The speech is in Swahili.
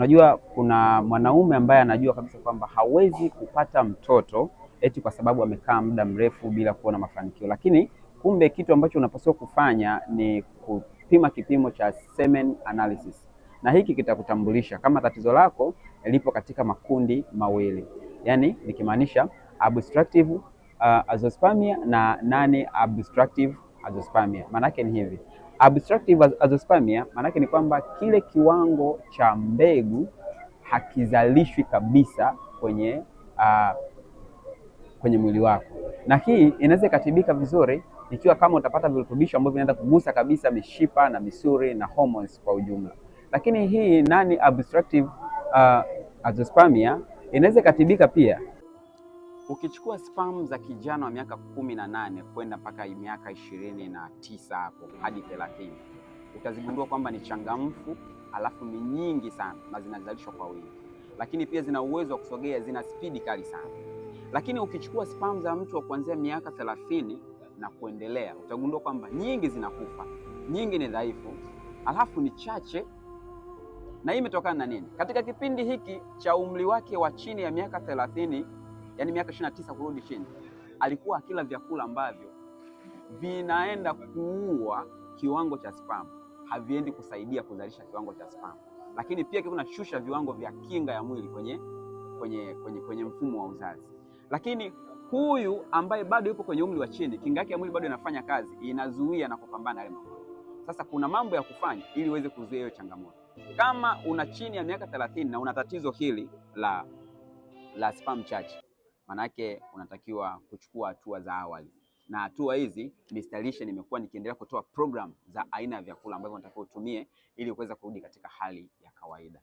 Unajua kuna mwanaume ambaye anajua kabisa kwamba hawezi kupata mtoto eti kwa sababu amekaa muda mrefu bila kuona mafanikio, lakini kumbe kitu ambacho unapaswa kufanya ni kupima kipimo cha semen analysis, na hiki kitakutambulisha kama tatizo lako lipo katika makundi mawili, yaani nikimaanisha obstructive uh, azoospermia na non obstructive azoospermia. Maanake ni hivi Abstractive azoospermia maanake ni kwamba kile kiwango cha mbegu hakizalishwi kabisa kwenye uh, kwenye mwili wako, na hii inaweza ikatibika vizuri ikiwa kama utapata virutubisho ambavyo vinaenda kugusa kabisa mishipa na misuri na hormones kwa ujumla. Lakini hii nani abstractive uh, ah, azoospermia inaweza ikatibika pia Ukichukua spam za kijana wa miaka kumi na nane kwenda mpaka miaka ishirini na tisa hapo hadi thelathini utazigundua kwamba ni changamfu, alafu ni nyingi sana na zinazalishwa kwa wingi, lakini pia zina uwezo wa kusogea, zina spidi kali sana. Lakini ukichukua spam za mtu wa kuanzia miaka thelathini na kuendelea utagundua kwamba nyingi zinakufa, nyingi ni dhaifu, alafu ni chache. Na hii imetokana na nini? Katika kipindi hiki cha umri wake wa chini ya miaka thelathini yani miaka ishirini na tisa kurudi chini, alikuwa akila vyakula ambavyo vinaenda kuua kiwango cha spam, haviendi kusaidia kuzalisha kiwango cha spam, lakini pia shusha viwango vya kinga ya mwili kwenye, kwenye, kwenye, kwenye mfumo wa uzazi. Lakini huyu ambaye bado yupo kwenye umri wa chini, kinga yake ya mwili bado inafanya kazi, inazuia na kupambana yale magonjwa. Sasa kuna mambo ya kufanya ili uweze kuzuia hiyo changamoto. Kama una chini ya miaka 30 na una tatizo hili la la spam chache manake unatakiwa kuchukua hatua za awali, na hatua hizi Mr. Lishe nimekuwa nikiendelea kutoa program za aina ya vyakula ambavyo unatakiwa utumie ili kuweza kurudi katika hali ya kawaida.